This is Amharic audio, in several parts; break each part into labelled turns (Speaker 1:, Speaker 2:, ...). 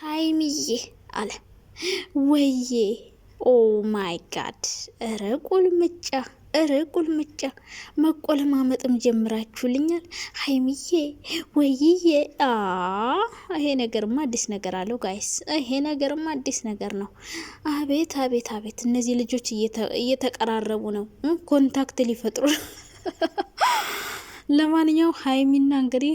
Speaker 1: ሀይሚዬ አለ። ወዬ ኦ ማይ ጋድ! እረ ቁልምጫ እረ ቁልምጫ መቆለማመጥም ጀምራችሁልኛል። ሀይሚዬ ወይዬ፣ ይሄ ነገርማ አዲስ ነገር አለው ጋይስ፣ ይሄ ነገርማ አዲስ ነገር ነው። አቤት አቤት አቤት! እነዚህ ልጆች እየተቀራረቡ ነው፣ ኮንታክት ሊፈጥሩ ለማንኛው ሀይሚና እንግዲህ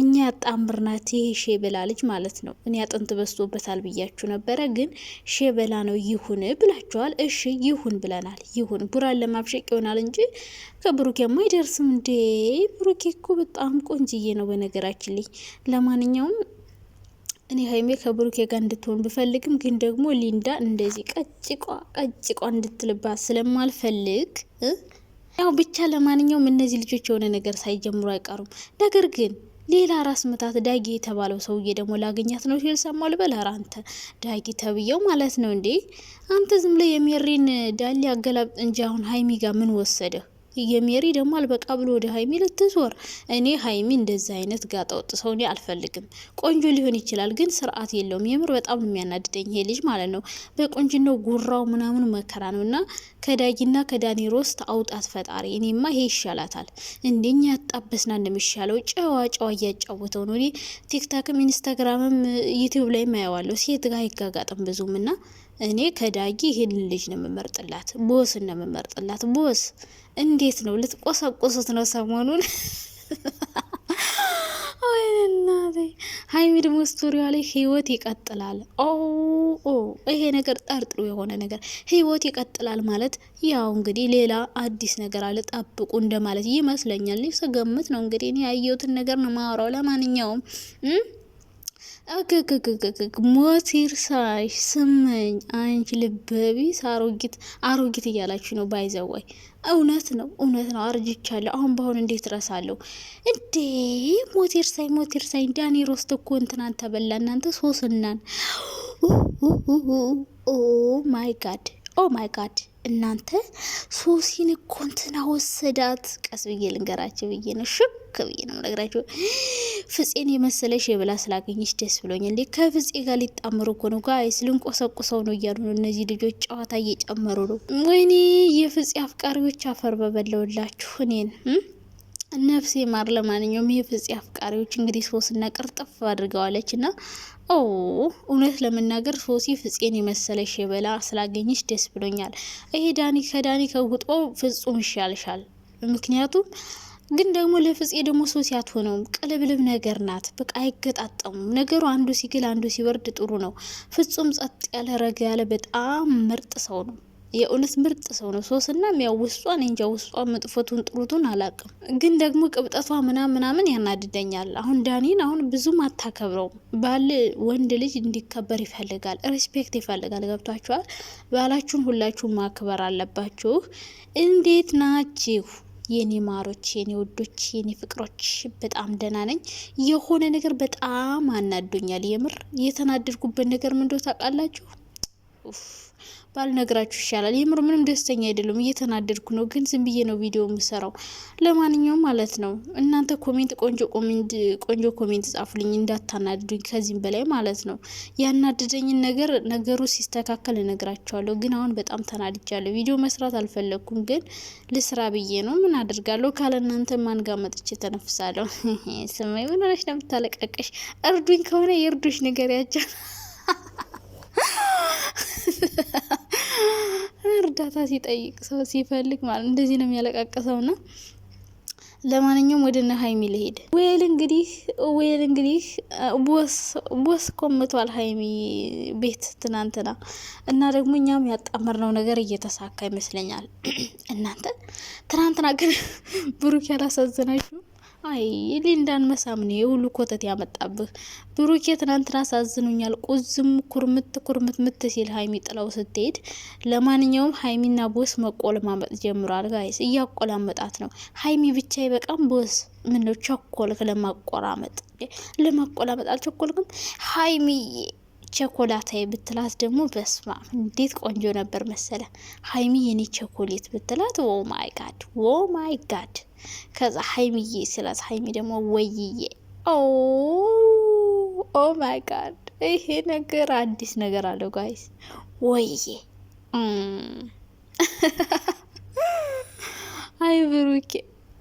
Speaker 1: እኛ ያጣምርናት ይሄ ሼበላ ልጅ ማለት ነው። እኔ አጥንት በስቶበታል ብያችሁ ነበረ፣ ግን ሼበላ ነው ይሁን ብላችኋል። እሺ ይሁን ብለናል። ይሁን ቡራን ለማብሸቅ ይሆናል እንጂ ከብሩኬማ አይደርስም እንዴ? ብሩኬ እኮ በጣም ቆንጅዬ ነው በነገራችን ላይ። ለማንኛውም እኔ ሀይሜ ከብሩኬ ጋር እንድትሆን ብፈልግም ግን ደግሞ ሊንዳ እንደዚህ ቀጭቋ ቀጭቋ እንድትልባት ስለማልፈልግ ያው ብቻ ለማንኛውም እነዚህ ልጆች የሆነ ነገር ሳይጀምሩ አይቀሩም። ነገር ግን ሌላ ራስ ምታት ዳጊ የተባለው ሰውዬ ደግሞ ላገኛት ነው ሲል ሰማ ልበል። አንተ ዳጊ ተብዬው ማለት ነው እንዴ! አንተ ዝም ብለህ የሜሪን ዳሊ አገላብጥ እንጂ አሁን ሀይሚ ጋር ምን ወሰደህ? የሜሪ ደግሞ አልበቃ ብሎ ወደ ሀይሚ ልትዞር። እኔ ሀይሚ እንደዛ አይነት ጋጠወጥ ወጥ ሰው እኔ አልፈልግም። ቆንጆ ሊሆን ይችላል፣ ግን ስርዓት የለውም። የምር በጣም የሚያናድደኝ ይሄ ልጅ ማለት ነው። በቆንጅናው ጉራው ምናምን መከራ ነው። እና ከዳጊና ከዳኒ ሮስት አውጣት ፈጣሪ። እኔማ ይሄ ይሻላታል። እንደኛ ያጣበስና እንደሚሻለው ጨዋ ጨዋ እያጫወተው ነው። እኔ ቲክታክም ኢንስታግራምም ዩቲዩብ ላይ ማየዋለሁ። ሴት ጋር አይጋጋጥም ብዙም እና እኔ ከዳጊ ይህንን ልጅ ነው የምመርጥላት፣ ቦስን ነው የምመርጥላት። ቦስ እንዴት ነው ልትቆሰቆሱት ነው ሰሞኑን? ወይናቴ ሀይሚ ደግሞ ስቶሪዋ ላይ ህይወት ይቀጥላል። ኦ ይሄ ነገር ጠርጥሩ የሆነ ነገር ህይወት ይቀጥላል ማለት ያው እንግዲህ ሌላ አዲስ ነገር አለ ጠብቁ እንደማለት ይመስለኛል። ስገምት ነው እንግዲህ እኔ ያየሁትን ነገር ነው ማወራው። ለማንኛውም ሞቲር ሳሽ ስመኝ አንቺ ልበቢስ አሮጊት አሮጊት እያላችሁ ነው። ባይዘወይ እውነት ነው እውነት ነው። አርጅቻለሁ። አሁን በአሁን እንዴት ረሳለሁ እንዴ? ሞቲር ሳይ ሞቲር ሳይ ዳኒ ሮስት እኮ እንትናን ተበላ። እናንተ ሶስናን ኦ ማይ ጋድ ኦ ማይ ጋድ እናንተ ሶሲን እኮ እንትና ወሰዳት። ቀስ ብዬ ልንገራቸው ብዬ ነው ሽክ ብዬ ነው ነገራቸው። ፍፄን የመሰለሽ የብላ ስላገኘች ደስ ብሎኝ እንዴ ከፍፄ ጋር ሊጣምሩ እኮ ነው ጋይስ፣ ልንቆሰቁሰው ነው እያሉ ነው እነዚህ ልጆች። ጨዋታ እየጨመሩ ነው። ወይኔ የፍፄ አፍቃሪዎች አፈር በበለውላችሁ እኔን ነፍሴ ማር። ለማንኛውም ይህ ፍፄ አፍቃሪዎች እንግዲህ ሶስና ቅርጥፍ አድርገዋለች ና ኦ እውነት ለመናገር ሶሲ ፍፄን የመሰለ ሸበላ ስላገኘች ደስ ብሎኛል። ይሄ ዳኒ ከዳኒ ከውጦ ፍጹም ይሻልሻል። ምክንያቱም ግን ደግሞ ለፍፄ ደግሞ ሶሲ አትሆነውም። ቅልብልብ ነገር ናት። በቃ አይገጣጠሙም። ነገሩ አንዱ ሲግል አንዱ ሲወርድ ጥሩ ነው። ፍጹም ጸጥ ያለ ረጋ ያለ በጣም ምርጥ ሰው ነው። የእውነት ምርጥ ሰው ነው። ሶስና ያው ውስጧን እንጃ ውስጧ መጥፎቱን ጥሩቱን አላቅም፣ ግን ደግሞ ቅብጠቷ ምናምን ምናምን ያናድደኛል። አሁን ዳኒን አሁን ብዙም አታከብረውም። ባል ወንድ ልጅ እንዲከበር ይፈልጋል፣ ሬስፔክት ይፈልጋል። ገብቷችኋል? ባላችሁን ሁላችሁ ማክበር አለባችሁ። እንዴት ናችሁ? የኔ ማሮች፣ የኔ ውዶች፣ የኔ ፍቅሮች በጣም ደህና ነኝ። የሆነ ነገር በጣም አናዶኛል። የምር የተናደድኩበት ነገር ምንዶ ታውቃላችሁ? ባልነግራችሁ ይሻላል። የምር ምንም ደስተኛ አይደለም፣ እየተናደድኩ ነው። ግን ዝም ብዬ ነው ቪዲዮ የምሰራው። ለማንኛውም ማለት ነው እናንተ ኮሜንት ቆንጆ ኮሜንት ቆንጆ ኮሜንት ጻፉልኝ፣ እንዳታናድዱኝ ከዚህም በላይ ማለት ነው። ያናደደኝን ነገር ነገሩ ሲስተካከል እነግራቸዋለሁ። ግን አሁን በጣም ተናድጃለሁ። ቪዲዮ መስራት አልፈለግኩም፣ ግን ልስራ ብዬ ነው። ምን አድርጋለሁ ካለ እናንተ ማንጋ መጥቼ ተነፍሳለሁ። ስማ ምን ሆነሽ ነው የምታለቀቀሽ? እርዱኝ ከሆነ የእርዱሽ ነገር ያጃል። እርዳታ ሲጠይቅ ሰው ሲፈልግ ማለት እንደዚህ ነው የሚያለቃቀሰው ና ለማንኛውም ወደ ነ ሀይሚ ልሄድ። ወይል እንግዲህ ወይል እንግዲህ ቦስ ኮምቷል ሀይሚ ቤት ትናንትና እና ደግሞ እኛም ያጣመርነው ነገር እየተሳካ ይመስለኛል። እናንተ ትናንትና ግን ብሩክ ያላሳዘናችሁ አይ ሊንዳን መሳም ነው የሁሉ ኮተት ያመጣብህ። ብሩኬ ትናንትና አሳዝኑኛል። ቁዝም ኩርምት ኩርምት ምት ሲል ሀይሚ ጥለው ስትሄድ፣ ለማንኛውም ሀይሚና ቦስ መቆለማመጥ ጀምሯል። ጋይስ እያቆላመጣት ነው። ሀይሚ ብቻ ይበቃም። ቦስ ምነው ቸኮልክ ለማቆራመጥ ለማቆላመጥ አልቸኮልክም ሀይሚዬ? ቸኮላታዬ ብትላት ደግሞ በስማ እንዴት ቆንጆ ነበር መሰለ። ሀይሚ የኔ ቸኮሌት ብትላት ኦ ማይ ጋድ ኦ ማይ ጋድ። ከዛ ሀይሚዬ ስላት ሀይሚ ደግሞ ወይዬ ኦ ኦ ማይ ጋድ። ይሄ ነገር አዲስ ነገር አለው ጋይስ። ወይዬ አይ ብሩኬ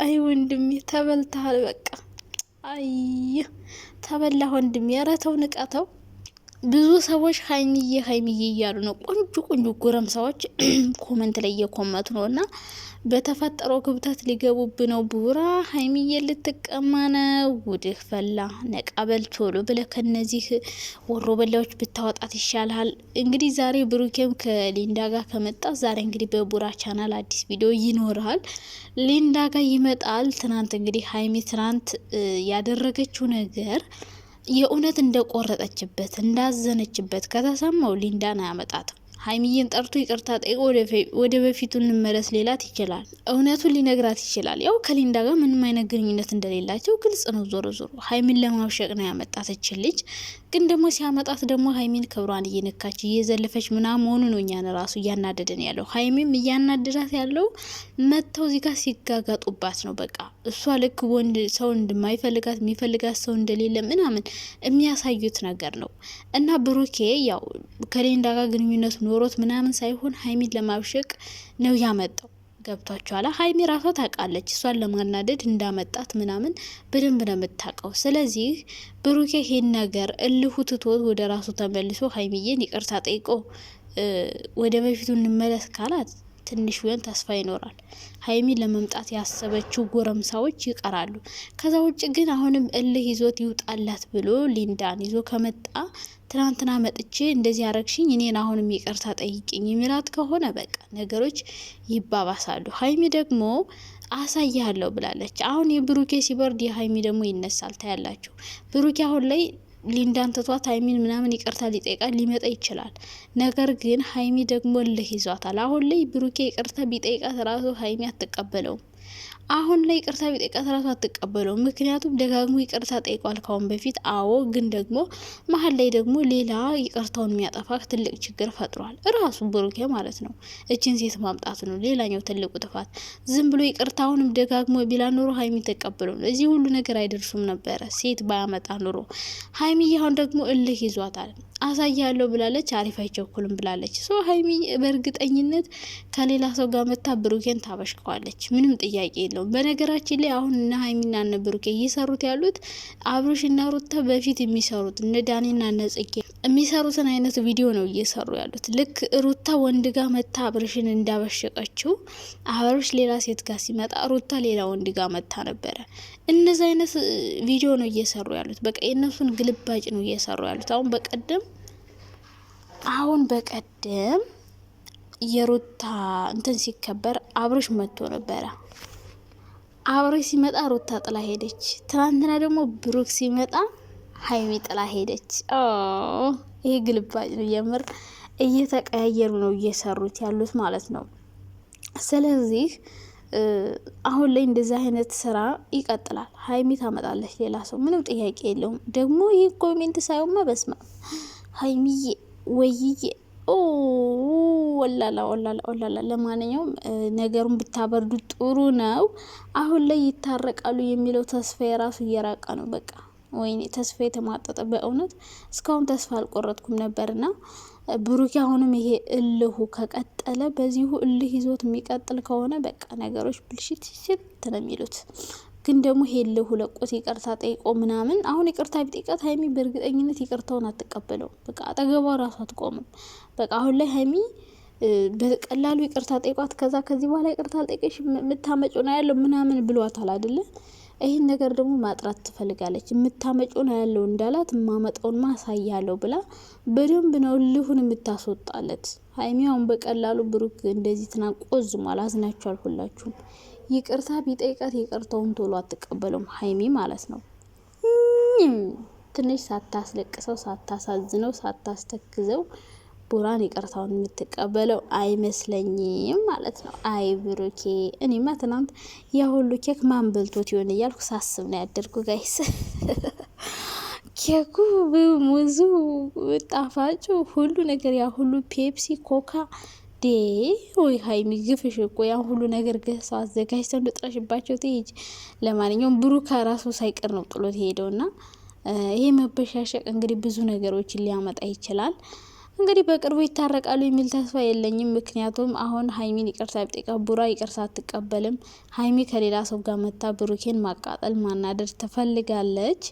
Speaker 1: አይ ወንድሜ ተበልተሃል። በቃ አይ ተበላ ወንድሜ። ኧረ ተው ንቀተው ብዙ ሰዎች ሀይሚዬ ሀይሚዬ እያሉ ነው። ቆንጆ ቆንጆ ጎረም ሰዎች ኮመንት ላይ እየኮመቱ ነው እና በተፈጠረው ክብተት ሊገቡብ ነው። ቡራ ሀይሚዬ ልትቀማ ነው። ውድህ ፈላ ነቃበል ቶሎ ብለ ከነዚህ ወሮ በላዎች ብታወጣት ይሻልሃል። እንግዲህ ዛሬ ብሩኬም ከሊንዳ ጋር ከመጣ ዛሬ እንግዲህ በቡራ ቻናል አዲስ ቪዲዮ ይኖራል። ሊንዳ ጋር ይመጣል። ትናንት እንግዲህ ሀይሚ ትናንት ያደረገችው ነገር የእውነት እንደቆረጠችበት እንዳዘነችበት ከተሰማው ሊንዳን አያመጣትም። ሀይሚዬን ጠርቶ ይቅርታ ጠይቆ ወደ በፊቱ እንመለስ ሌላት ይችላል። እውነቱን ሊነግራት ይችላል። ያው ከሊንዳ ጋር ምንም አይነት ግንኙነት እንደሌላቸው ግልጽ ነው። ዞሮ ዞሮ ሀይሚን ለማብሸቅ ነው ያመጣተችን ልጅ። ግን ደግሞ ሲያመጣት ደግሞ ሀይሚን ክብሯን እየነካች እየዘለፈች ምናምን መሆኑ ነው እኛን ራሱ እያናደደን ያለው። ሀይሚም እያናደዳት ያለው መጥተው እዚህ ጋር ሲጋጋጡባት ነው። በቃ እሷ ልክ ወንድ ሰው እንደማይፈልጋት የሚፈልጋት ሰው እንደሌለ ምናምን የሚያሳዩት ነገር ነው እና ብሩኬ ያው ከሌንዳ ጋር ግንኙነት ኖሮት ምናምን ሳይሆን ሀይሚን ለማብሸቅ ነው ያመጣው። ገብቷችኋል። ሀይሚ ራሷ ታውቃለች እሷን ለማናደድ እንዳመጣት ምናምን በደንብ ነው የምታውቀው። ስለዚህ ብሩኬ ይሄን ነገር እልሁ ትቶት ወደ ራሱ ተመልሶ ሀይሚዬን ይቅርታ ጠይቆ ወደ በፊቱ እንመለስ ካላት ትንሽ ቢሆን ተስፋ ይኖራል። ሀይሚ ለመምጣት ያሰበችው ጎረምሳዎች ይቀራሉ። ከዛ ውጭ ግን አሁንም እልህ ይዞት ይውጣላት ብሎ ሊንዳን ይዞ ከመጣ ትናንትና መጥቼ እንደዚህ ያረግሽኝ እኔን አሁንም ይቅርታ ጠይቅኝ የሚላት ከሆነ በቃ ነገሮች ይባባሳሉ። ሀይሚ ደግሞ አሳያለሁ ብላለች። አሁን የብሩኬ ሲበርድ የሀይሚ ደግሞ ይነሳል። ታያላችሁ ብሩኬ አሁን ላይ ሊንዳን ትቷት ሀይሚን ምናምን ይቅርታ ሊጠይቃ ሊመጣ ይችላል። ነገር ግን ሀይሚ ደግሞ ልህ ይዟታል። አሁን ላይ ብሩኬ ይቅርታ ቢጠይቃት ራሱ ሀይሚ አትቀበለውም። አሁን ላይ ይቅርታ ቢጠይቃት ራሱ አትቀበለው። ምክንያቱም ደጋግሞ ይቅርታ ጠይቋል ካሁን በፊት አዎ። ግን ደግሞ መሀል ላይ ደግሞ ሌላ ይቅርታውን የሚያጠፋ ትልቅ ችግር ፈጥሯል ራሱ ብሩኬ ማለት ነው። እችን ሴት ማምጣት ነው ሌላኛው ትልቁ ጥፋት። ዝም ብሎ ይቅርታውንም ደጋግሞ ቢላ ኑሮ ሀይሚ ተቀበለው ነው እዚህ ሁሉ ነገር አይደርሱም ነበረ ሴት ባያመጣ ኑሮ። ሀይሚ አሁን ደግሞ እልህ ይዟታል። አሳያለሁ ብላለች። አሪፍ አይቸኩልም ብላለች። ሶ ሀይሚ በእርግጠኝነት ከሌላ ሰው ጋር መታ ብሩኬን ታበሽቀዋለች። ምንም ጥያቄ የለውም። በነገራችን ላይ አሁን እነ ሀይሚና እነ ብሩኬ እየሰሩት ያሉት አብሮሽ እና ሩታ በፊት የሚሰሩት እነ ዳኔና እነ ጽጌ የሚሰሩትን አይነት ቪዲዮ ነው እየሰሩ ያሉት። ልክ ሩታ ወንድ ጋር መታ አብርሽን እንዳበሸቀችው አብርሽ ሌላ ሴት ጋር ሲመጣ ሩታ ሌላ ወንድ ጋር መታ ነበረ። እነዚ አይነት ቪዲዮ ነው እየሰሩ ያሉት። በቃ የእነሱን ግልባጭ ነው እየሰሩ ያሉት። አሁን በቀደም አሁን በቀደም የሩታ እንትን ሲከበር አብርሽ መጥቶ ነበረ። አብርሽ ሲመጣ ሩታ ጥላ ሄደች። ትናንትና ደግሞ ብሩክ ሲመጣ ሀይሚ ጥላ ሄደች። ይሄ ግልባጭ ነው፣ የምር እየተቀያየሩ ነው እየሰሩት ያሉት ማለት ነው። ስለዚህ አሁን ላይ እንደዚህ አይነት ስራ ይቀጥላል። ሀይሚ ታመጣለች ሌላ ሰው፣ ምንም ጥያቄ የለውም። ደግሞ ይህ ኮሜንት ሳይሆን መበስማ ሀይሚዬ ወይዬ ወላላ ወላላ ወላላ። ለማንኛውም ነገሩን ብታበርዱ ጥሩ ነው። አሁን ላይ ይታረቃሉ የሚለው ተስፋ የራሱ እየራቀ ነው። በቃ ወይኔ ተስፋ የተማጠጠ በእውነት እስካሁን ተስፋ አልቆረጥኩም ነበርና ብሩኪ አሁንም ይሄ እልሁ ከቀጠለ በዚሁ እልህ ይዞት የሚቀጥል ከሆነ በቃ ነገሮች ብልሽት ሽት ነው የሚሉት። ግን ደግሞ ሄለ ሁለቆት ይቅርታ ጠይቆ ምናምን አሁን ይቅርታ ቢጠይቃት ሀይሚ በእርግጠኝነት ይቅርታውን አትቀበለው በቃ አጠገቧ ራሱ አትቆምም። በቃ አሁን ላይ ሀይሚ በቀላሉ ይቅርታ ጠይቋት፣ ከዛ ከዚህ በኋላ ይቅርታ ጠይቀሽ የምታመጪው ነው ያለው ምናምን ብሏታል አይደለ? ይህን ነገር ደግሞ ማጥራት ትፈልጋለች። የምታመጪው ነው ያለው እንዳላት የማመጣውን ማሳያለው ብላ በደንብ ነው ልሁን የምታስወጣለት ሀይሚ። አሁን በቀላሉ ብሩክ እንደዚህ ቆዝሟል አዝናችኋል ሁላችሁም። ይቅርታ ቢጠይቃት ይቅርታውን ቶሎ አትቀበለውም ሀይሚ ማለት ነው። ትንሽ ሳታስለቅሰው፣ ሳታሳዝነው፣ ሳታስተክዘው ቡራን ይቅርታውን የምትቀበለው አይመስለኝም ማለት ነው። አይ ብሩኬ፣ እኔማ ትናንት ያ ሁሉ ኬክ ማን በልቶት ይሆን እያልኩ ሳስብ ነው ያደርጉ ጋይስ። ኬኩ፣ ሙዙ፣ ጣፋጩ ሁሉ ነገር ያ ሁሉ ፔፕሲ፣ ኮካ ዴ ወይ ሀይሚ ግፍሽ እኮ ያን ሁሉ ነገር ገሳ አዘጋጅተን ጥረሽባቸው ትሄጅ። ለማንኛውም ብሩ ከራሱ ሳይቀር ነው ጥሎት ሄደው ና ይሄ መበሻሸቅ እንግዲህ ብዙ ነገሮችን ሊያመጣ ይችላል። እንግዲህ በቅርቡ ይታረቃሉ የሚል ተስፋ የለኝም። ምክንያቱም አሁን ሀይሚን ይቅርታ ቢጠይቃ ቡራ ይቅርታ አትቀበልም። ሀይሚ ከሌላ ሰው ጋር መታ ብሩኬን ማቃጠል ማናደድ ትፈልጋለች።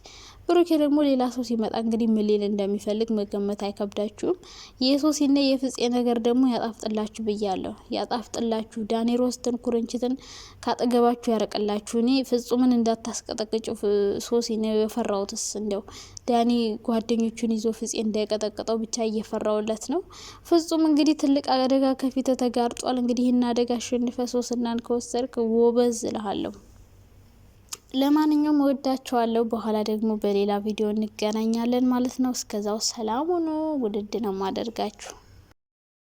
Speaker 1: ብሩኬ ደግሞ ሌላ ሰው ሲመጣ እንግዲህ ምን ሊል እንደሚፈልግ መገመት አይከብዳችሁም። የሶሲና የፍፄ ነገር ደግሞ ያጣፍጥላችሁ ብያለሁ። ያጣፍጥላችሁ፣ ዳኔሮስትን ኩርንችትን ካጠገባችሁ ያረቅላችሁ። እኔ ፍጹምን እንዳታስቀጠቅጭ ሶሲ ነው የፈራውትስ እንደው ዳኒ ጓደኞቹን ይዞ ፍጼ እንዳይቀጠቅጠው ብቻ እየፈራውለት ነው። ፍጹም እንግዲህ ትልቅ አደጋ ከፊት ተጋርጧል። እንግዲህ ይህን አደጋ አሸንፈ ሶስናን ከወሰድክ ወበዝ እልሃለሁ። ለማንኛውም እወዳቸዋለሁ። በኋላ ደግሞ በሌላ ቪዲዮ እንገናኛለን ማለት ነው። እስከዛው ሰላም ሁኑ። ውድድ ነው ማደርጋችሁ